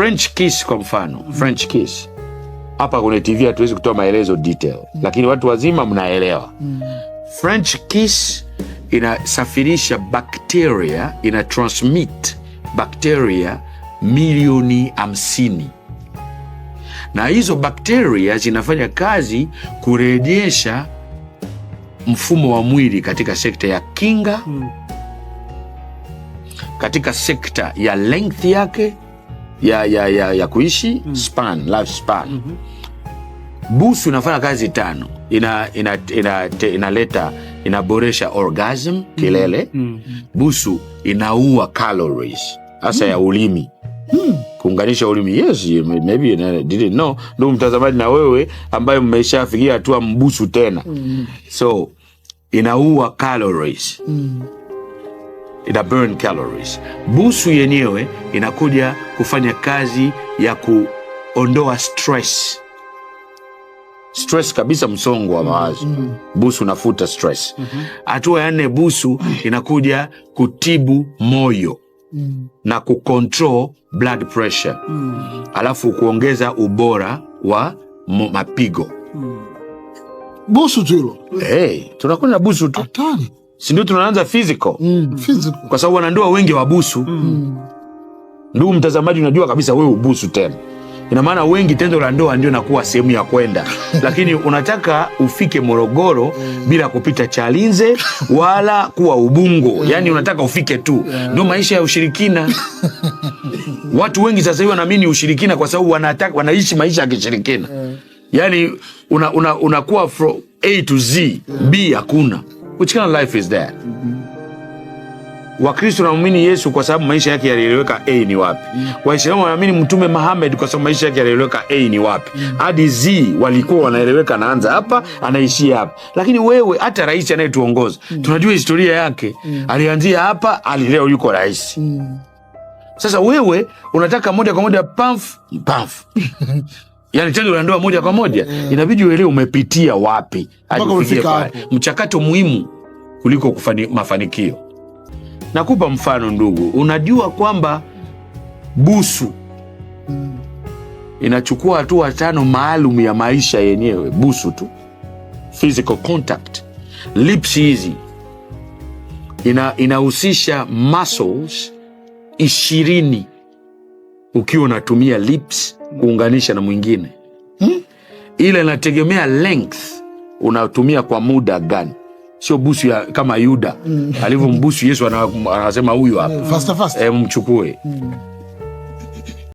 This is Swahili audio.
French kiss kwa mfano, French kiss hapa kwenye TV hatuwezi kutoa maelezo detail, lakini watu wazima mnaelewa. French kiss inasafirisha bakteria, ina transmit bakteria milioni hamsini na hizo bakteria zinafanya kazi kurejesha mfumo wa mwili katika sekta ya kinga, hmm. katika sekta ya length yake ya, ya, ya, ya kuishi mm. span life span mm -hmm. Busu inafanya kazi tano, inaleta ina, ina, ina inaboresha orgasm kilele mm -hmm. Busu inaua calories hasa mm. ya ulimi mm. kuunganisha ulimi. Yes, maybe didn't know. Ndugu mtazamaji, na wewe ambaye mmeshafikia hatua mbusu tena mm. so inaua calories mm ina burn calories. Busu yenyewe inakuja kufanya kazi ya kuondoa stress stress kabisa, msongo wa mawazo mm -hmm. Busu unafuta stress mm-hmm. hatua mm -hmm. ya nne, busu inakuja kutibu moyo mm -hmm. na kucontrol blood pressure mm -hmm. alafu kuongeza ubora wa mapigo mm -hmm. busu tu hilo hey, tunakwenda busu tu Hatari sindio tunaanza physical mm, physical kwa sababu wanandoa wengi wabusu mm. Ndugu mtazamaji, unajua kabisa wewe ubusu tena, ina maana wengi tendo la ndoa ndio nakuwa sehemu ya kwenda, lakini unataka ufike Morogoro bila kupita Chalinze wala kuwa Ubungo, mm. yani unataka ufike tu, ndio maisha ya ushirikina. Watu wengi sasa hivi wanaamini ushirikina kwa sababu wanataka wanaishi maisha ya kishirikina, yani unakuwa una, una from A to Z, B hakuna Which kind of life is that? Mm -hmm. Wakristo wanaamini Yesu kwa sababu maisha yake yalieleweka A ni wapi. Mm -hmm. Waislamu wanaamini Mtume Muhammad kwa sababu maisha yake yalieleweka A ni wapi. Mm hadi -hmm. Z walikuwa wanaeleweka, anaanza hapa mm-hmm. anaishia hapa. Lakini wewe hata rais anayetuongoza mm -hmm. tunajua historia yake. Mm-hmm. Alianzia hapa, alileo yuko rais. Sasa wewe unataka moja kwa moja pamf pamf yani tendo la ndoa moja kwa moja, inabidi uelewe umepitia wapi hadi ufike pale, mchakato muhimu kuliko kufani, mafanikio. Nakupa mfano ndugu, unajua kwamba busu inachukua hatua tano maalum ya maisha yenyewe. Busu tu physical contact, lips hizi ina inahusisha muscles ishirini ukiwa unatumia lips kuunganisha na mwingine hmm? Ila inategemea length unatumia kwa muda gani sio busu ya kama Yuda mm. alivyombusu Yesu, anasema huyu hapa, mchukue mm.